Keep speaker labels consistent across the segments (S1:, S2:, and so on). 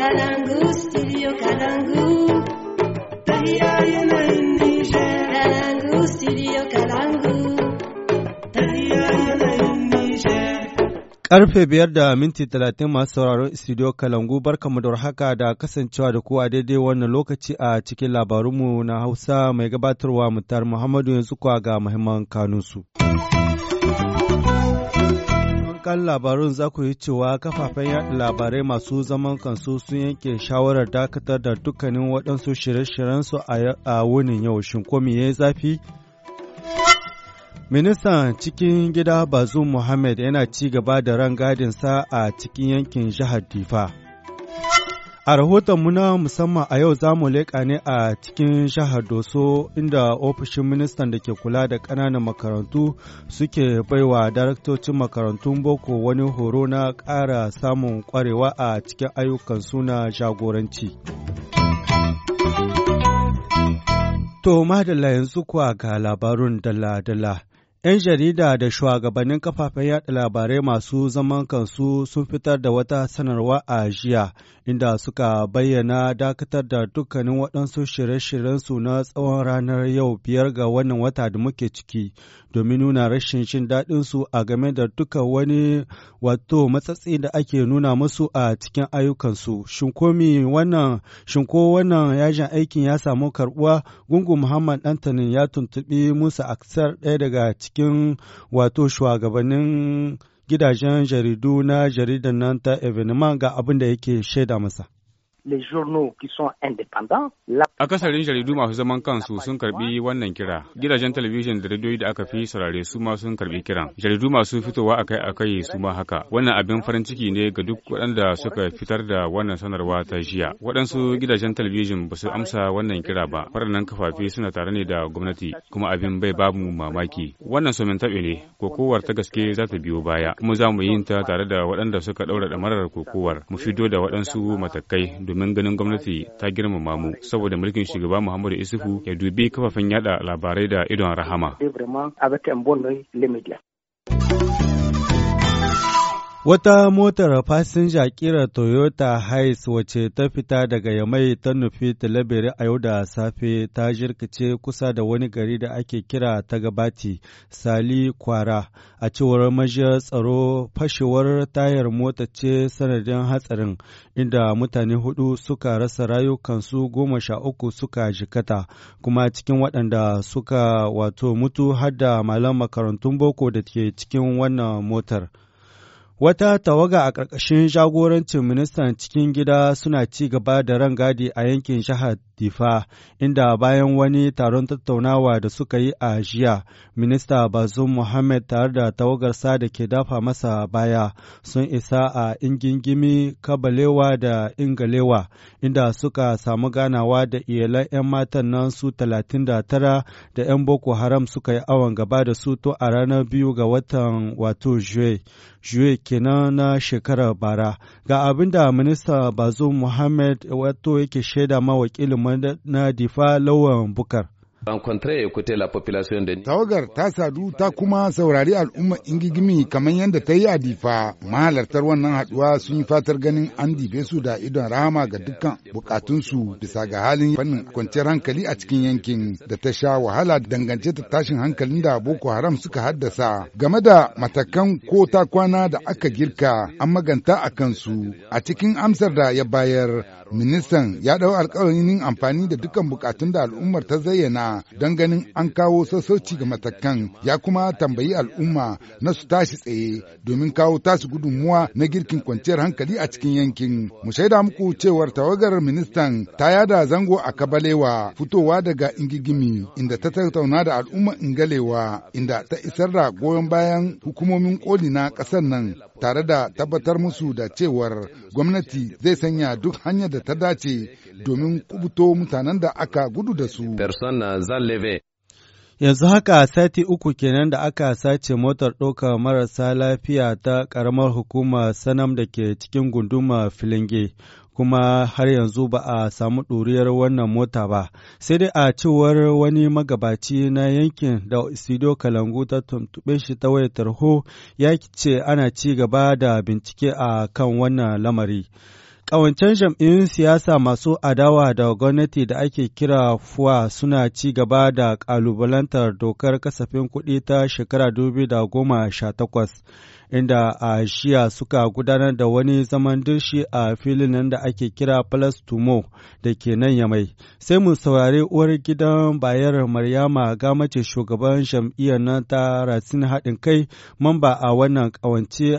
S1: Kalangu, studio Kalangu. yana Kalangu, studio Kalangu. yana Karfe biyar da minti talatin masu sauraron studio Kalangu barkamu da haka da kasancewa da kuwa daidai wannan lokaci a cikin labarunmu na Hausa mai gabatarwa mutar Muhammadu yanzu kuwa ga muhimman kanunsu. kan labarun za ku yi cewa kafafen yaɗa labarai masu zaman kansu sun yanke shawarar dakatar da dukkanin waɗansu shirye-shiryensu a wunin yau shin ko me zafi? Ministan cikin gida Bazum Muhammad yana ci gaba da rangadinsa a cikin yankin jihar Difa. A rahoton mu na musamman a yau za mu leƙa ne a cikin shahar Doso inda ofishin ministan da ke kula da ƙananan makarantu suke baiwa daraktocin makarantun boko wani horo na ƙara samun ƙwarewa a cikin ayyukan suna jagoranci. To, madalla yanzu kuwa ga labarun dala-dala. ‘Yan jarida da shugabannin kafafen yaɗa labarai masu zaman kansu sun fitar da wata sanarwa a jiya, inda suka bayyana dakatar da dukkanin waɗansu shirye-shiryensu na tsawon ranar yau biyar ga wannan wata da muke ciki, domin nuna rashin jin daɗinsu a game da duka wani wato matsatsi da ake nuna musu a cikin ayyukansu. Shin wannan shin ko wannan yajin aikin ya samu karbuwa gungun Muhammad dantanin ya tuntuɓi Musa Aksar ɗaya daga cikin wato shugabannin gidajen jaridu na jaridan nan ta Evenement ga abin da yake shaida masa.
S2: les journaux qui sont indépendants.
S3: Akasarin jaridu masu zaman kansu sun karbi wannan kira. Gidajen talabijin da radio da aka fi saurare su ma sun karbi kiran. Jaridu masu fitowa akai-akai su ma haka. Wannan abin farin ciki ne ga duk waɗanda suka fitar da wannan sanarwa ta jiya. Waɗansu gidajen talabijin ba su amsa wannan kira ba. Farannan kafafe suna tare ne da gwamnati kuma abin bai babu mamaki. Wannan somin taɓe ne kokowar ta gaske za ta biyo baya. Kuma za mu yin ta tare da waɗanda suka ɗaura marar kokowar. Mu fido da waɗansu matakai domin ganin gwamnati ta girmama mu saboda mulkin shugaba Muhammadu Isufu ya dubi kafafen yada labarai da idon rahama.
S1: Wata motar fasinja kira Toyota Hiace wace ta fita daga Yamai ta nufi Talabiri a yau da safe ta jirkice kusa da wani gari da ake kira ta gabati Sali Kwara. A cewar majiyar tsaro fashewar tayar mota ce sanadin hatsarin inda mutane hudu suka rasa rayukansu goma sha uku suka jikata kuma cikin waɗanda suka wato mutu har da malam makarantun boko da ke cikin wannan motar. Wata tawaga a ƙarƙashin jagorancin ministan cikin gida suna ci gaba da rangadi a yankin jihar Difa, inda bayan wani taron tattaunawa da suka yi a jiya, minista Bazum Muhammad tare da tawagarsa da ke dafa masa baya sun isa a ingingimi kabalewa da ingalewa, inda suka samu ganawa da iyalan 'yan matan nan su 39 da 'yan Boko Haram suka yi awon gaba da su to a ranar biyu ga watan wato kenan na shekarar bara ga abin da minista bazo muhammad wato yake shaida ma wakilin na
S2: difa lawan bukar Tawagar ta sadu ta kuma saurari al'umma ingigimi kamar yadda ta yi a Mahalartar wannan haduwa sun yi fatar ganin an dibe su da idon rahama ga dukkan bukatunsu bisa ga halin fannin kwanciyar hankali a cikin yankin da ta sha wahala dangance ta tashin hankalin da Boko Haram suka haddasa. Game da matakan ko ta kwana da aka girka an maganta a kansu a cikin amsar da ya bayar ministan ya ɗau alkawarin amfani da dukkan bukatun da al'ummar ta zayyana don ganin an kawo sassauci ga matakan ya kuma tambayi al'umma na su tashi tsaye domin kawo tasu gudunmuwa na girkin kwanciyar hankali a cikin yankin. Mu shaida muku cewar tawagar ministan ta yada zango a Kabalewa fitowa daga Ingigimi inda ta tattauna da al'umma Ingalewa inda ta isar da goyon bayan hukumomin koli na ƙasar nan tare da tabbatar musu da cewar gwamnati zai sanya duk hanyar da ta dace domin kubuto mutanen da aka gudu da su. Persona zan leve.
S1: Yanzu haka sati uku kenan da aka sace motar ɗaukar marasa lafiya ta ƙaramar hukumar sanam da ke cikin gunduma filinge, kuma har yanzu ba a samu ɗuriyar wannan mota ba, sai dai a cewar wani magabaci na yankin da isidio Kalangu ta tuntuɓe shi ta wayar tarho ya ce ana ci gaba da bincike a kan wannan lamari. Ƙawancen jam'iyyun siyasa masu adawa da gwamnati da ake kira fuwa suna ci gaba da ƙalubalantar dokar kasafin kuɗi ta shekara 2018, inda a shiya suka gudanar da wani zaman dirshi a filin nan da ake kira Plus Tumo da ke nan Yamai. Sai mu saurari uwar gidan bayar Maryama Gamace shugaban jam'iyyar nan ta Rasin haɗin kai mamba a wannan ƙawance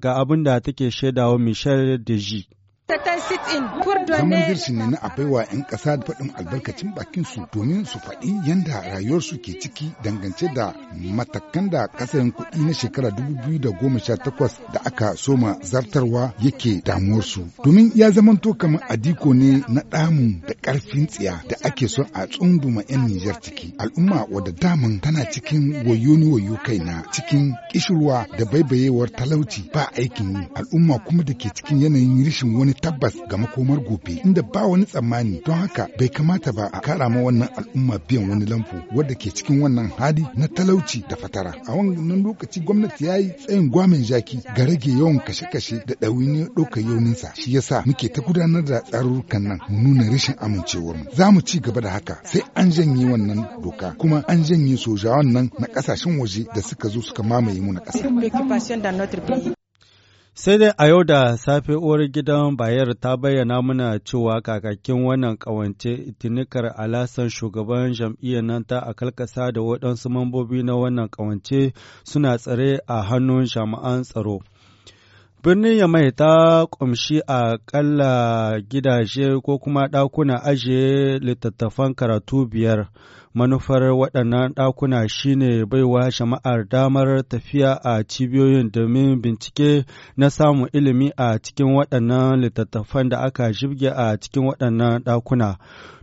S1: ga abin da take shaidawa Michel Deji. Zaman
S2: girsi ne na a baiwa 'yan ƙasa da faɗin albarkacin bakin su domin su faɗi yadda rayuwarsu ke ciki dangance da matakan da ƙasarin kuɗi na shekara 2018 da aka soma zartarwa yake damuwar su Domin ya to kamar adiko ne na ɗamu da ƙarfin tsiya da ake son a tsunduma 'yan Nijar ciki. Al'umma wadda daman tana cikin wayo ni wayo kai na cikin kishirwa da baibayewar talauci ba aikin yi. Al'umma kuma da ke cikin yanayin rishin wani tabbas ga makomar gobe inda ba wani tsammani don haka bai kamata ba a kara ma wannan al'umma biyan wani lamfu wadda ke cikin wannan hali na talauci da fatara a wannan lokaci gwamnati ya yi tsayin gwamin jaki ga rage yawan kashe-kashe da ɗawainiyar ɗaukar yauninsa shi ya yasa muke ta gudanar da tsarurrukan nan mu nuna rashin amincewar mu. za mu ci gaba da haka sai an janye wannan doka kuma an janye sojawan nan na ƙasashen waje da suka zo suka mamaye mu na ƙasa Sai dai a yau da safe
S1: uwar gidan Bayar ta bayyana mana cewa kakakin wannan kawance itinikar alasan shugaban jam'iyyar nan ta a kalkasa da waɗansu mambobi na wannan kawance suna tsare a hannun jama'an tsaro. Birnin Yamai ta ƙumshi a ƙalla gidaje ko kuma ɗakuna ajiye littattafan karatu biyar, manufar waɗannan ɗakuna shine baiwa jama'ar damar tafiya a cibiyoyin domin bincike na samun ilimi a cikin waɗannan littattafan da aka jibge a cikin waɗannan ɗakuna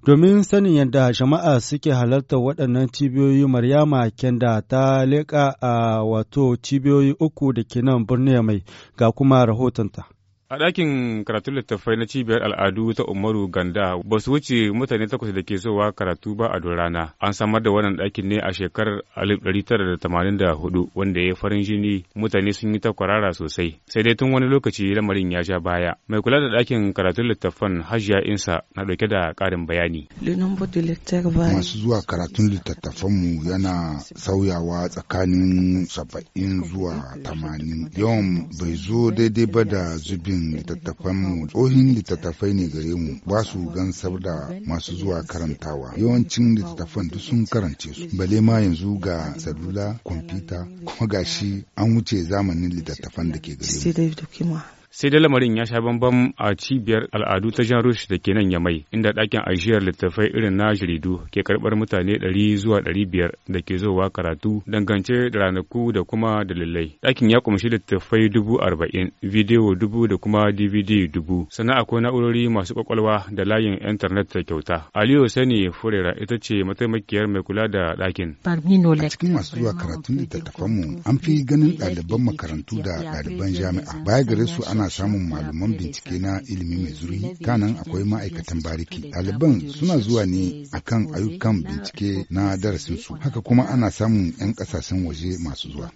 S1: domin sanin yadda jama'a suke halartar waɗannan cibiyoyi maryama kenda ta leƙa a wato cibiyoyi uku da ke nan birni mai ga kuma rahotonta
S3: A ɗakin karatun littattafai na cibiyar al'adu ta Umaru Ganda ba su wuce mutane takwas da ke sowa karatu ba a rana. An samar da wannan ɗakin ne a shekarar 1984 wanda ya farin jini mutane sun yi ta kwarara sosai. Sai dai tun wani lokaci lamarin ya sha baya. Mai kula da ɗakin karatun littattafan Hajiya Insa na ɗauke da ƙarin bayani.
S2: Masu zuwa karatun littattafanmu yana sauyawa tsakanin saba'in zuwa tamanin. Yawan bai zo daidai ba da zubin tsarin littattafanmu tsohin littattafai ne gare mu ba su gansar da masu zuwa karantawa yawancin littattafan duk sun karance su bale ma yanzu ga salula kwamfuta kuma gashi an wuce zamanin littattafan da ke gare mu
S3: sai dai lamarin ya sha bambam a cibiyar al'adu ta jan rush da ke nan yamai inda ɗakin ajiyar littattafai irin na jaridu ke karɓar mutane ɗari zuwa ɗari biyar da ke zowa karatu dangance da ranaku da kuma dalilai ɗakin ya kumshi littattafai dubu arba'in bidiyo dubu da kuma dvd dubu sannan akwai na'urori masu kwakwalwa da layin intanet da kyauta aliyu sani furera ita ce mataimakiyar mai kula da ɗakin.
S2: a cikin masu zuwa karatun littattafanmu an fi ganin ɗaliban makarantu da ɗaliban jami'a baya gare su ana ana samun malaman bincike na ilimi mai zurfi kanan akwai ma'aikatan bariki ɗaliban suna zuwa ne akan ayyukan bincike na darasinsu haka kuma ana samun 'yan ƙasashen waje masu zuwa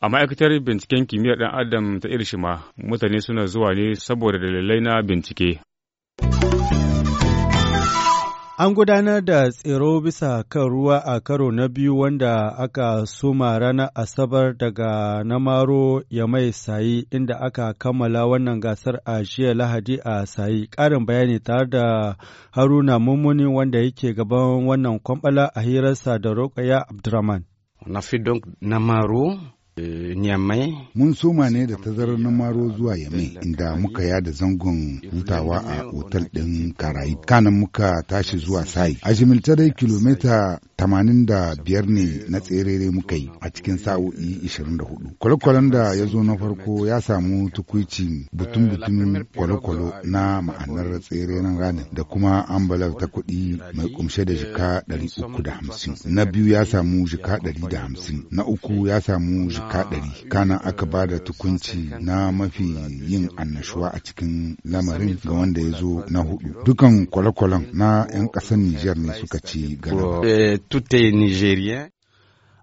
S3: A ma'aikatar binciken kimiyyar ɗan adam ta Irshima, mutane suna zuwa ne saboda dalilai na bincike.
S1: An gudanar da tsiro bisa kan ruwa a karo na biyu wanda aka suma ranar Asabar daga Namaro ya mai sayi inda aka kammala wannan gasar a jiya Lahadi a sayi. Ƙarin bayani tare da Haruna Mummuni wanda yake gaban wannan kwambala a hirarsa da Rokaya Abdurrahman. Na fi Namaro
S2: Eh, Mun soma ne da tazarar na Maro zuwa Yamai inda muka yada zangon hutawa a otal ɗin Karayi. Kanan muka tashi zuwa Sai. A jimilta dai kilomita Tamanin da biyar ne na tserere muka yi a cikin sa'o'i 24 kwale-kwalen da ya zo na farko ya samu tukuci butun-butun kwale na ma'anar tserenan ranar da kuma ambalar ta kuɗi mai kumshe da jika 350 na biyu ya samu jika 150 na uku ya samu jika 100 kana aka ba da tukunci na mafi yin annashuwa a cikin lamarin ga wanda ya zo na hudu dukan kwale na 'yan ƙasar Nijar ne suka ci gaba
S1: tout est Nigérien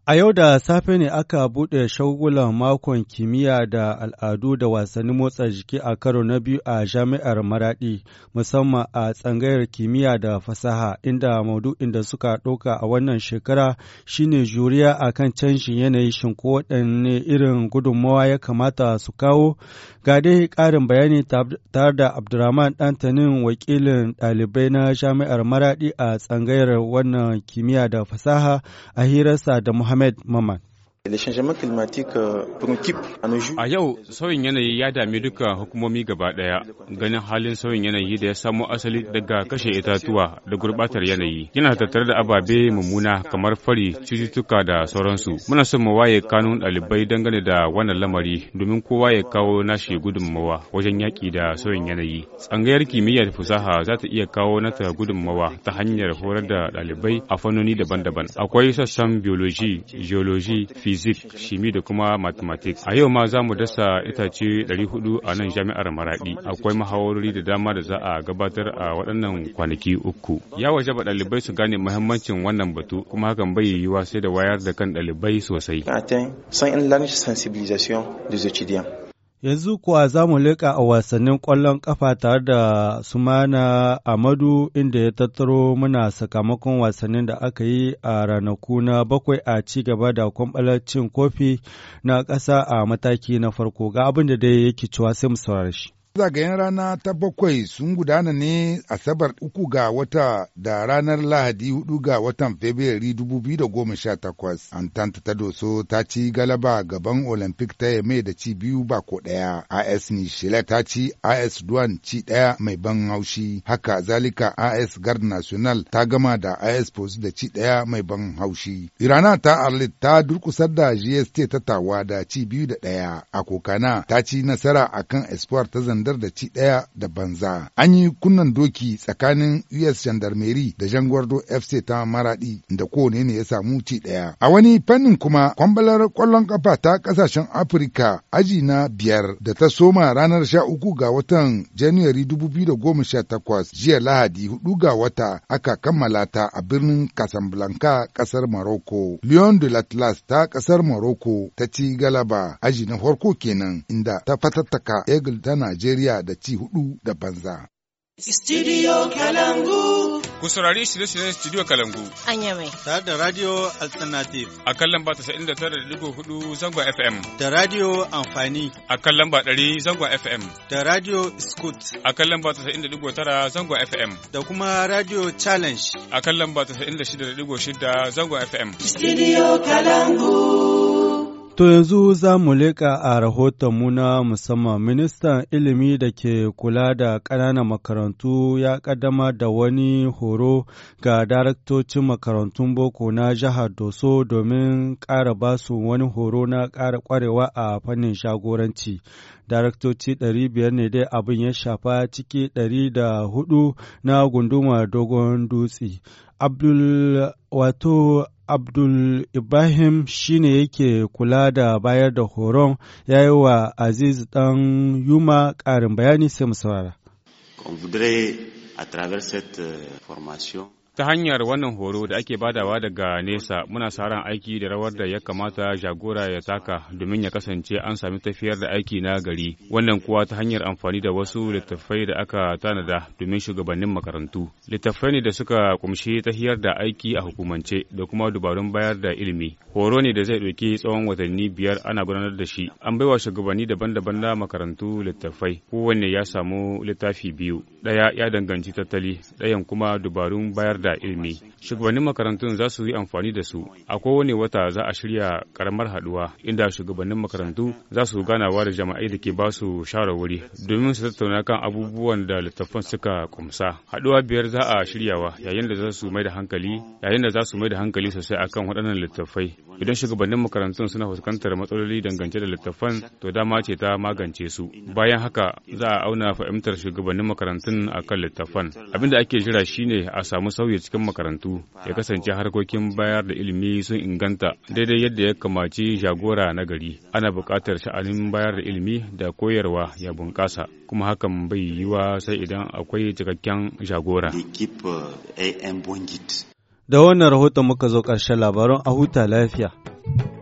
S1: A yau da safe ne aka buɗe shagulan makon kimiyya da al'adu da wasannin motsa jiki a karo na biyu a jami'ar Maraɗi, musamman a tsangayar kimiyya da fasaha, inda maudu'in da suka ɗauka a wannan shekara shine juriya a kan canjin yanayi shin ko waɗanne irin gudunmawa ya kamata su kawo. Ga dai ƙarin bayani tare da Abdurrahman Ɗantanin wakilin ɗalibai na jami'ar Maraɗi a tsangayar wannan kimiyya da fasaha a hirarsa da Muhammad maxamed maman
S3: Euh, a yau sauyin yanayi ya dami duka hukumomi gaba daya ganin halin sauyin yanayi da ya samo asali daga kashe itatuwa da gurɓatar yanayi. Yana tattare da ababe mummuna kamar fari, cututtuka da sauransu. Muna son mu waye kanun ɗalibai dangane da wannan lamari domin kowa ya kawo nashi gudunmawa wajen yaƙi da sauyin yanayi. Tsangayar kimiyyar fasaha za ta iya kawo nata gudunmawa ta hanyar horar da ɗalibai a fannoni daban-daban. Akwai sassan biology, geology, fizik, shimi da kuma mathematics. A yau ma za mu dasa itace 400 a nan jami'ar Maradi. Akwai mahawarori da dama da za a gabatar a waɗannan kwanaki uku. Ya waje ba ɗalibai su gane muhimmancin wannan batu kuma hakan bai yi sai da wayar da kan ɗalibai sosai.
S1: Yanzu kuwa za mu leƙa a wasannin ƙwallon ƙafa tare da Sumana Amadu inda ya tattaro muna sakamakon wasannin da aka yi a ranaku na bakwai a ci gaba da kwamɓalar cin kofi na ƙasa a mataki na farko ga abin da dai yake cewa sai mu saurare shi.
S2: Zagayen rana ta bakwai sun gudana ne Asabar uku ga wata da ranar Lahadi hudu ga watan Fabrairu 2018. Antanta ta doso ta ci galaba gaban Olympic ta yame da ci biyu ba ko ɗaya. AS Nishila ta ci AS Duan ci daya mai ban haushi. Haka zalika AS Guard National ta gama da AS Post da ci daya mai ban haushi. Irana ta Arlit ta durkusar da GST ta tawa da ci biyu da daya. A Kokana ta ci nasara akan Espoir ta zan sandar da ci ɗaya da banza. An yi kunnan doki tsakanin US Gendarmerie da Jangwardo FC ta Maradi da kowane ne ya samu ci ɗaya. A wani fannin kuma kwambalar ƙwallon ƙafa ta ƙasashen Afirka aji na biyar da ta soma ranar sha uku ga watan January dubu biyu da goma sha takwas jiya Lahadi hudu ga wata aka kammala ta a birnin Casablanca ƙasar Morocco. Lyon de l'Atlas ta ƙasar Morocco ta ci galaba aji na farko kenan inda ta fatattaka Eagle ta Najeriya Najeriya da ci hudu da banza.
S3: Studio Kalangu. Ku saurari shirye-shiryen Studio Kalangu. An mai. Tare da Radio Alternative. A kan lamba hudu zangon FM. Da Radio Amfani. A kan lamba 100 zangon FM. Da Radio Scoot. A kan lamba tara zangon FM. Da kuma Radio Challenge. A kan lamba shida zangon FM. Studio Kalangu.
S1: To yanzu za mu leƙa a rahotonmu na musamman ministan ilimi da ke kula da ƙananan makarantu ya ƙaddama da wani horo ga daraktocin makarantun boko na jihar Doso domin ƙara basu wani horo na ƙara ƙwarewa a fannin shagoranci. Daraktoci ɗari biyar ne dai abin ya shafa ciki ɗari da hudu na gunduma dogon dutse. Abdul wato Abdul Ibrahim shine yake kula da bayar da horon ya yi wa Aziz ɗan Yuma ƙarin bayani sai mu saurara.
S3: On a travers cette euh, formation, Ta hanyar wannan horo da ake badawa daga nesa muna saran aiki da rawar da ya kamata jagora ya taka domin ya kasance an sami tafiyar da aiki na gari. Wannan kuwa ta hanyar amfani da wasu littattafai da aka tanada domin shugabannin makarantu. Littattafai ne da suka kumshi tahiyar da aiki a hukumance da kuma dubarun bayar da ilimi. Horo ne da zai ɗauki tsawon watanni biyar ana gudanar da shi. An baiwa shugabanni daban-daban na makarantu littattafai. Kowanne ya samu littafi biyu. Ɗaya ya danganci tattali, ɗayan kuma dubarun bayar da ilimi. Shugabannin makarantun za su yi amfani da su. A kowane wata za a shirya karamar haduwa inda shugabannin makarantu za su ganawa da jama'ai da ke ba su shawarwari domin su tattauna kan abubuwan da littattafan suka kumsa. Haduwa biyar za a shiryawa yayin da za su mai da hankali yayin da za su mai da hankali sosai akan waɗannan littattafai. Idan shugabannin makarantun suna fuskantar matsaloli dangance da littattafan to dama ce ta magance su. Bayan haka za a auna fahimtar shugabannin makarantun akan littattafan. Abin da ake jira shine a samu sauyi share cikin makarantu ya kasance harkokin bayar da ilimi sun inganta daidai yadda ya kamaci jagora na gari ana buƙatar sha'anin bayar da ilimi da koyarwa ya bunƙasa kuma hakan bai yiwuwa sai idan akwai cikakken jagora euh,
S1: da wannan rahoton muka zo ƙarshen labaran a huta lafiya